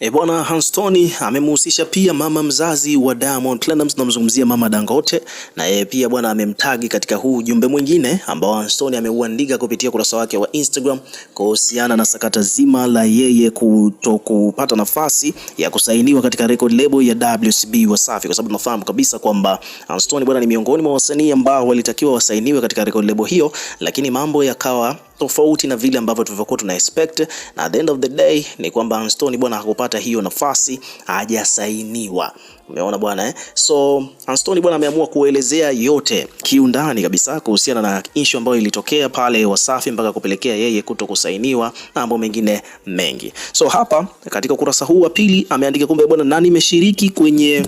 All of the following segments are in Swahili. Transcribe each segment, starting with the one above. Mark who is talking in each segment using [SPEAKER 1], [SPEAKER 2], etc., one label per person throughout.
[SPEAKER 1] E, bwana Hanstoni amemhusisha pia mama mzazi wa Diamond Platnumz, tunamzungumzia mama Dangote, na yeye pia bwana amemtagi katika huu ujumbe mwingine ambao Hanstoni ameuandika kupitia kurasa wake wa Instagram kuhusiana na sakata zima la yeye kutokupata nafasi ya kusainiwa katika record label ya WCB Wasafi, kwa sababu tunafahamu kabisa kwamba Hanstoni bwana ni miongoni mwa wasanii ambao walitakiwa wasainiwe katika record label hiyo, lakini mambo yakawa tofauti na vile ambavyo tulivyokuwa tuna expect, na at the end of the day ni kwamba Anstoni bwana hakupata hiyo nafasi, hajasainiwa. Umeona bwana eh? So Anstoni bwana ameamua kuelezea yote kiundani kabisa kuhusiana na issue ambayo ilitokea pale Wasafi mpaka kupelekea yeye kuto kusainiwa na mambo mengine mengi. So hapa katika ukurasa huu wa pili ameandika kumbe bwana nani imeshiriki kwenye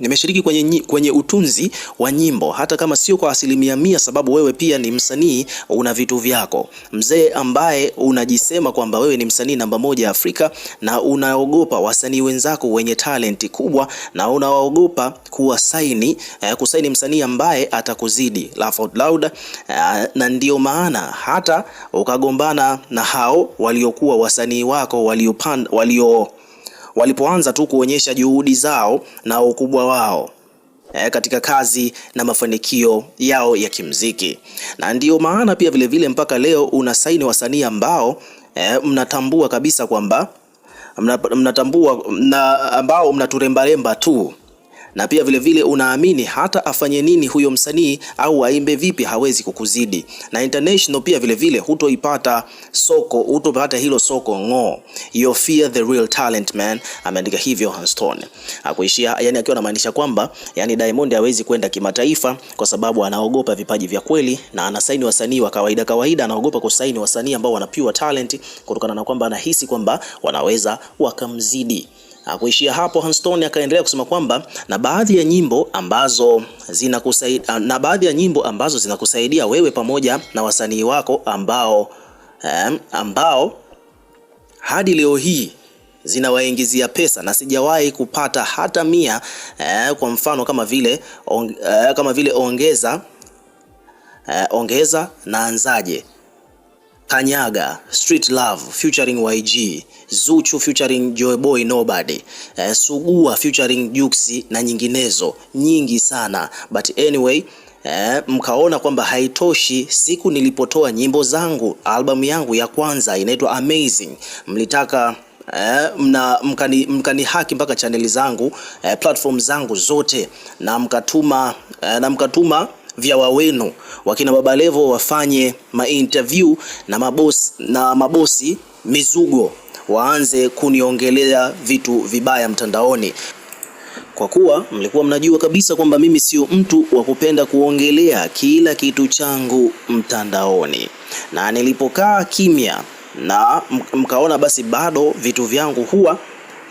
[SPEAKER 1] nimeshiriki kwenye, kwenye utunzi wa nyimbo hata kama sio kwa asilimia mia, sababu wewe pia ni msanii, una vitu vyako mzee, ambaye unajisema kwamba wewe ni msanii namba moja Afrika na unaogopa wasanii wenzako wenye talenti kubwa na unawaogopa saini eh, kusaini msanii ambaye atakuzidi laugh out loud eh, na ndiyo maana hata ukagombana na hao waliokuwa wasanii wako waliopanda walio walipoanza tu kuonyesha juhudi zao na ukubwa wao eh, katika kazi na mafanikio yao ya kimziki, na ndiyo maana pia vilevile vile mpaka leo una saini wasanii ambao eh, mnatambua kabisa kwamba mnatambua na ambao mnaturembaremba tu na pia vilevile vile unaamini hata afanye nini huyo msanii au aimbe vipi hawezi kukuzidi. Na international pia vilevile vile hutoipata soko, hutopata hilo soko ngo. You fear the real talent man, ameandika hivyo Hanstone akuishia, yani akiwa anamaanisha kwamba yani Diamond hawezi kwenda kimataifa kwa sababu anaogopa vipaji vya kweli, na anasaini wasanii wa kawaida kawaida, anaogopa kusaini wasanii ambao wana pure talent kutokana na kwamba anahisi kwamba wanaweza wakamzidi. Hakuishia ah, hapo, Hanstone akaendelea kusema kwamba na baadhi ya nyimbo ambazo zinakusaidia, ah, na baadhi ya nyimbo ambazo zinakusaidia wewe pamoja na wasanii wako ambao, eh, ambao hadi leo hii zinawaingizia pesa na sijawahi kupata hata mia eh, kwa mfano kama vile, on, eh, kama vile ongeza eh, ongeza naanzaje Kanyaga, Street Love featuring YG, Zuchu featuring Boy Nobody, eh, Sugua featuring Juksi na nyinginezo nyingi sana. But anyway, eh, mkaona kwamba haitoshi. Siku nilipotoa nyimbo zangu, albamu yangu ya kwanza inaitwa Amazing, mlitaka Eh, mna mkani, mkani haki mpaka chaneli zangu eh, platform zangu zote na mkatuma eh, na mkatuma vya Waweno, wakina Baba Levo wafanye mainterview na mabosi, na mabosi mizugo waanze kuniongelea vitu vibaya mtandaoni, kwa kuwa mlikuwa mnajua kabisa kwamba mimi sio mtu wa kupenda kuongelea kila kitu changu mtandaoni, na nilipokaa kimya na mkaona basi bado vitu vyangu huwa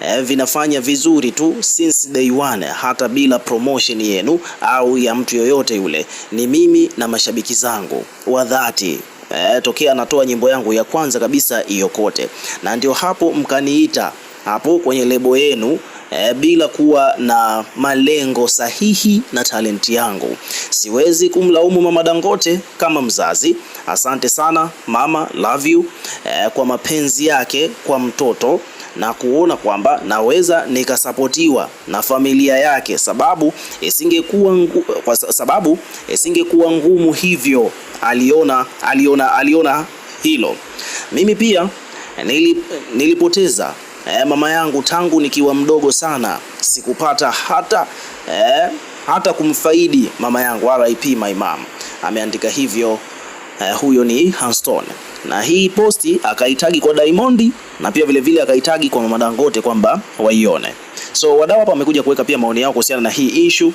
[SPEAKER 1] eh, vinafanya vizuri tu since day one, hata bila promotion yenu au ya mtu yoyote yule. Ni mimi na mashabiki zangu wa dhati. eh, tokea natoa nyimbo yangu ya kwanza kabisa Iyokote, na ndio hapo mkaniita hapo kwenye lebo yenu e, bila kuwa na malengo sahihi na talenti yangu. Siwezi kumlaumu Mama Dangote kama mzazi. Asante sana mama, love you e, kwa mapenzi yake kwa mtoto na kuona kwamba naweza nikasapotiwa na familia yake, sababu isingekuwa kwa sababu isingekuwa ngumu hivyo. Aliona, aliona, aliona hilo. Mimi pia nilip, nilipoteza eh, mama yangu tangu nikiwa mdogo sana, sikupata hata eh, hata kumfaidi mama yangu. RIP my mom, ameandika hivyo uh, huyo ni Hanstone na hii posti akaitagi kwa Diamond na pia vile vile akaitagi kwa Mama Dangote kwamba waione. So wadau hapa wamekuja kuweka pia maoni yao kuhusiana na hii issue.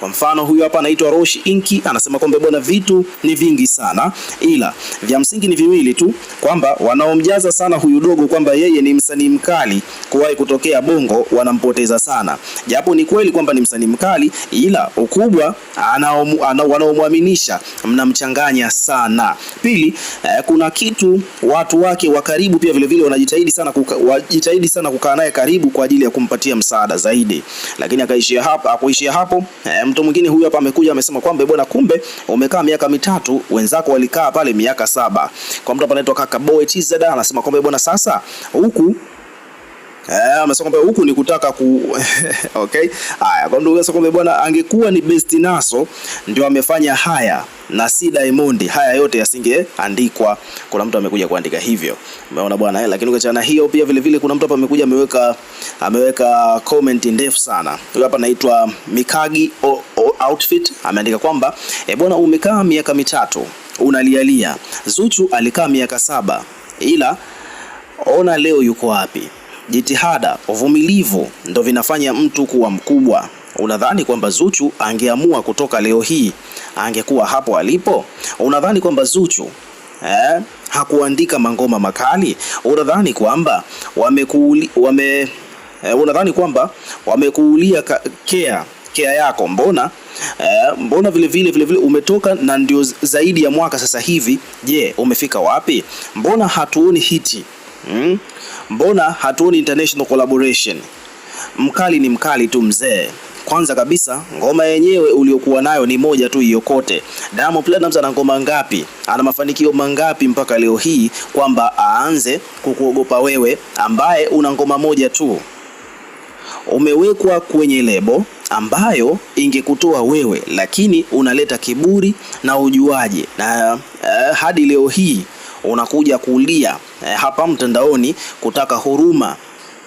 [SPEAKER 1] Kwa mfano huyu hapa anaitwa Rosh Inki, anasema kwamba bwana, vitu ni vingi sana, ila vya msingi ni viwili tu, kwamba wanaomjaza sana huyu dogo kwamba yeye ni msanii mkali kuwahi kutokea Bongo wanampoteza sana, japo ni kweli kwamba ni msanii mkali, ila ukubwa wanaomwaminisha mnamchanganya sana. Pili eh, kuna kitu watu wake wa karibu pia vilevile wanajitahidi sana kuka, wajitahidi sana kukaa naye karibu kwa ajili ya kumpatia msaada zaidi, lakini akaishia hapo, akuishia hapo eh, mtu mwingine huyu hapa amekuja amesema kwamba bwana, kumbe umekaa miaka mitatu, wenzako walikaa pale miaka saba. Kwa mtu hapa anaitwa Kaka Boy Chizada anasema kwamba bwana, sasa huku Eh, amesema kwamba huku ni kutaka ku okay. Haya, kwa ndugu kwamba bwana angekuwa ni Best Naso ndio amefanya haya na si Diamond, haya yote yasingeandikwa. Kuna mtu amekuja kuandika hivyo, umeona bwana eh. Lakini ukachana hiyo, pia vile vile kuna mtu hapa amekuja ameweka ameweka comment ndefu sana. Huyu hapa anaitwa Mikagi o, o, Outfit ameandika kwamba e, bwana umekaa miaka mitatu unalialia. Zuchu alikaa miaka saba ila ona leo yuko wapi? jitihada, uvumilivu ndo vinafanya mtu kuwa mkubwa. Unadhani kwamba Zuchu angeamua kutoka leo hii angekuwa hapo alipo? Unadhani kwamba Zuchu eh, hakuandika mangoma makali? Unadhani kwamba wamekuuli, wame, eh, unadhani kwamba wamekuulia kea kea yako? Mbona eh, mbona vile vile vile vile umetoka na ndio zaidi ya mwaka sasa hivi. Je, umefika wapi? Mbona hatuoni hiti hmm? Mbona hatuoni international collaboration? Mkali ni mkali tu mzee. Kwanza kabisa ngoma yenyewe uliokuwa nayo ni moja tu iyokote Diamond Platnumz ana ngoma ngapi? Ana mafanikio mangapi mpaka leo hii kwamba aanze kukuogopa wewe ambaye una ngoma moja tu? Umewekwa kwenye lebo ambayo ingekutoa wewe, lakini unaleta kiburi na ujuaji na uh, hadi leo hii unakuja kulia eh, hapa mtandaoni kutaka huruma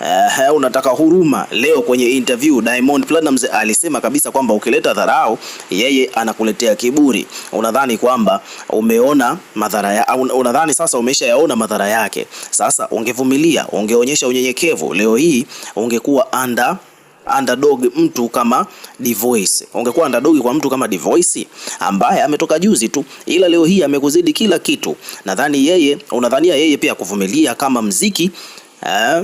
[SPEAKER 1] eh, eh, unataka huruma. Leo kwenye interview Diamond Platnumz alisema kabisa kwamba ukileta dharau yeye anakuletea kiburi. Unadhani kwamba umeona madhara ya, unadhani sasa umesha yaona madhara yake. Sasa ungevumilia, ungeonyesha unyenyekevu, leo hii ungekuwa under underdog mtu kama Divoice. Ungekuwa underdog kwa mtu kama Divoice ambaye ametoka juzi tu, ila leo hii amekuzidi kila kitu. Nadhani yeye, unadhania yeye pia kuvumilia kama mziki eh,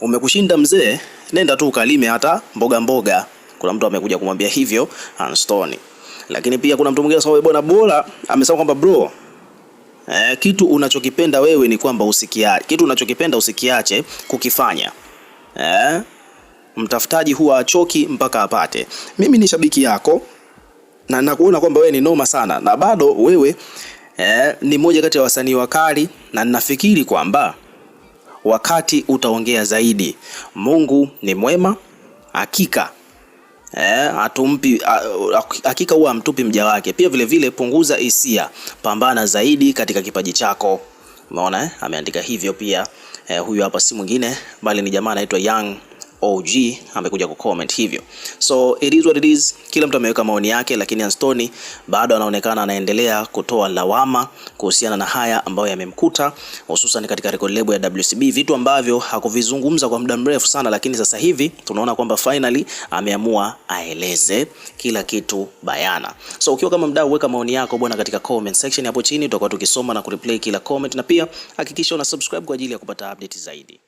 [SPEAKER 1] umekushinda mzee, nenda tu ukalime hata mboga mboga. Kuna mtu amekuja kumwambia hivyo Anstone. lakini pia kuna mtu mwingine sawa bwana bora amesema kwamba bro eh, kitu unachokipenda wewe ni kwamba usikiache, kitu unachokipenda usikiache kukifanya eh? mtafutaji huwa achoki mpaka apate. Mimi ni shabiki yako na nakuona kwamba wewe ni noma sana, na bado wewe eh, ni mmoja kati ya wasanii wakali, na ninafikiri kwamba wakati utaongea zaidi. Mungu ni mwema hakika. Eh, atumpi hakika huwa amtupi mja wake. Pia vile vile punguza hisia, pambana zaidi katika kipaji chako. Umeona eh? Ameandika hivyo pia eh, huyu hapa si mwingine bali ni jamaa anaitwa Young OG amekuja kucomment hivyo. So it is what it is, kila mtu ameweka maoni yake, lakini Anstoni bado anaonekana anaendelea kutoa lawama kuhusiana na haya ambayo yamemkuta, hususan katika record label ya WCB, vitu ambavyo hakuvizungumza kwa muda mrefu sana, lakini sasa hivi tunaona kwamba finally ameamua aeleze kila kitu bayana. So ukiwa kama mdau, weka maoni yako bwana katika comment section hapo chini, tutakuwa tukisoma na kureplay kila comment, na pia hakikisha una subscribe kwa ajili ya kupata update zaidi.